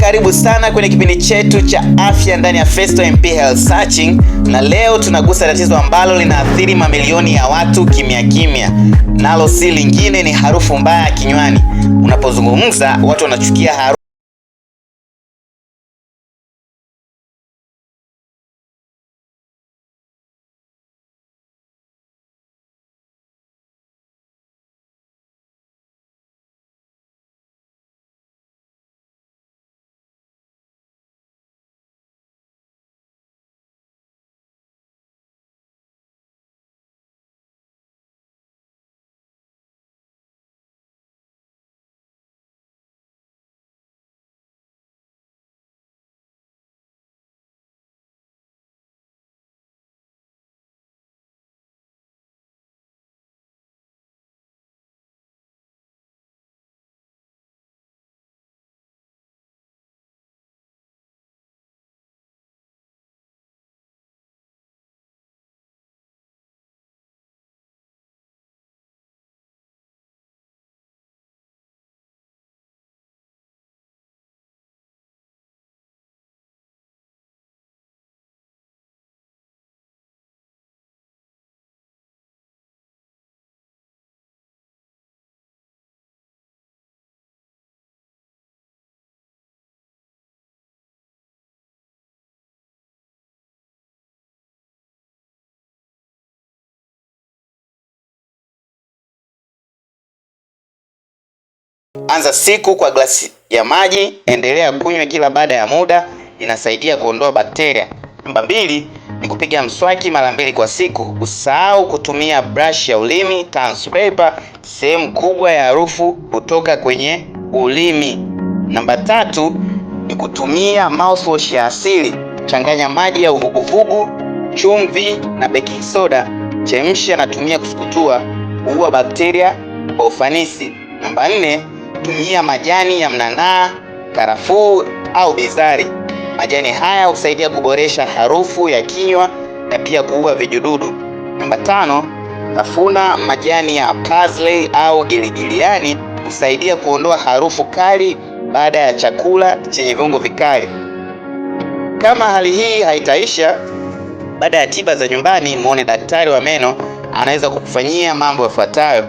Karibu sana kwenye kipindi chetu cha afya ndani ya Festo MP Health Searching, na leo tunagusa tatizo ambalo linaathiri mamilioni ya watu kimya kimya, nalo si lingine, ni harufu mbaya kinywani. Unapozungumza watu wanachukia harufu Anza siku kwa glasi ya maji, endelea kunywa kila baada ya muda, inasaidia kuondoa bakteria. Namba mbili ni kupiga mswaki mara mbili kwa siku. Usahau kutumia brush ya ulimi tanspaper, sehemu kubwa ya harufu kutoka kwenye ulimi. Namba tatu ni kutumia mouthwash ya asili. Changanya maji ya uvuguvugu, chumvi na baking soda, chemsha na tumia kusukutua, huua bakteria kwa ufanisi. Namba nne tumia majani ya mnanaa, karafuu au bizari. Majani haya husaidia kuboresha harufu ya kinywa na pia kuua vijidudu. Namba tano, tafuna majani ya parsley au giligiliani, husaidia kuondoa harufu kali baada ya chakula chenye viungo vikali. Kama hali hii haitaisha baada ya tiba za nyumbani, muone daktari wa meno, anaweza kukufanyia mambo yafuatayo: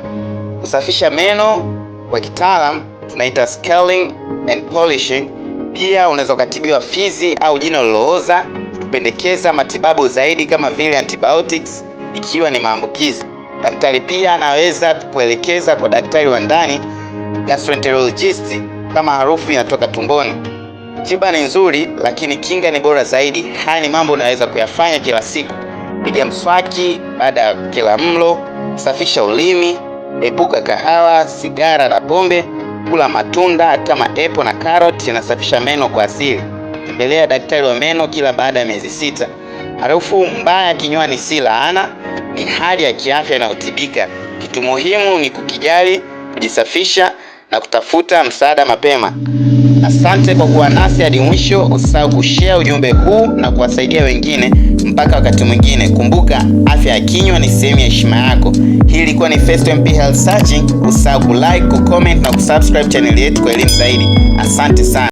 kusafisha meno kwa kitaalam tunaita scaling and polishing. Pia unaweza ukatibiwa fizi au jino lilooza, kupendekeza matibabu zaidi kama vile antibiotics ikiwa ni maambukizi. Daktari pia anaweza kuelekeza kwa daktari wa ndani gastroenterologist kama harufu inatoka tumboni. Tiba ni nzuri, lakini kinga ni bora zaidi. Haya ni mambo unaweza kuyafanya kila siku: piga mswaki baada ya kila mlo, safisha ulimi Epuka kahawa, sigara na pombe. Kula matunda kama epo na karoti, yanasafisha meno kwa asili. Tembelea daktari wa meno kila baada ya miezi sita. Harufu mbaya kinywani si laana, ni hali ya kiafya inayotibika. Kitu muhimu ni kukijali, kujisafisha na kutafuta msaada mapema. Asante kwa kuwa nasi hadi mwisho. Usisahau kushare ujumbe huu na kuwasaidia wengine. Mpaka wakati mwingine, kumbuka afya ya kinywa ni sehemu ya heshima yako. Hii ilikuwa ni Festo MP Health Searching. Usisahau kulike, kucomment na kusubscribe chaneli yetu kwa elimu zaidi. Asante sana.